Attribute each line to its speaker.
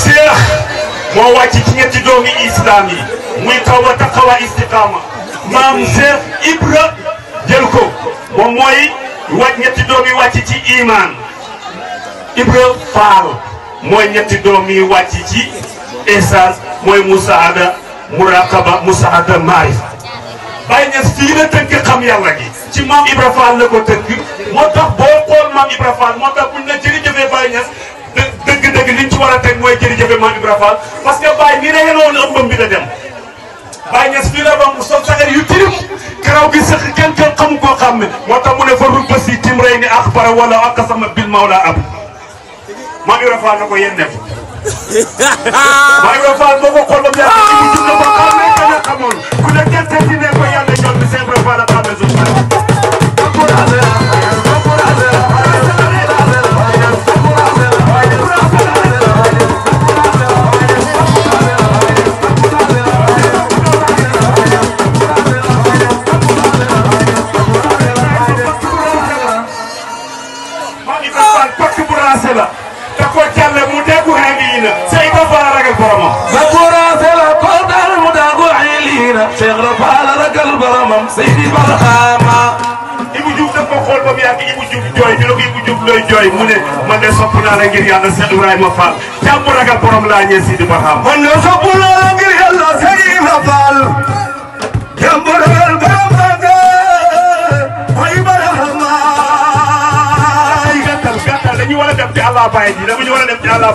Speaker 1: Cheikh moo wàcc ci ñetti doomi islam yi muy tawba taqwa istiqaama maam Cheikh Ibra jël ko moom mooy wàcc ñetti doom wàcc ci iman Ibra Faal mooy ñetti doom yi wàcc ci ihsaan mooy musaada muraqaba musaada maarifa bàyyi ñes fii la tënk xam yàlla ci maam Ibra Faal la ko tënk war a teg mooy jërëjëf Maam Ibra Fall que Baye nii la yu tirim karaw gi sëq kenn kenn xamu koo xam ne moo tax mu ne fa rut basi tim rey a ak para wala a sama bil mawla ab Maam Ibra Fall na ko yendem Maam Ibra Fall boo ko xool ba mu
Speaker 2: Fall pàcc bu raase la da i jàlle mu déggu xeliina Seydou Fall ragal da koo raase la koo daal mu
Speaker 1: déggu xeliina mu yàgg Ibou Diouf jooy ñu ne ko Ibou Diouf looy jooy mu ne man de sopp naa la borom laa ñëw Seydi Barxaama. man
Speaker 3: you want to dem ci àllaa baay ji dafa ñu war a dem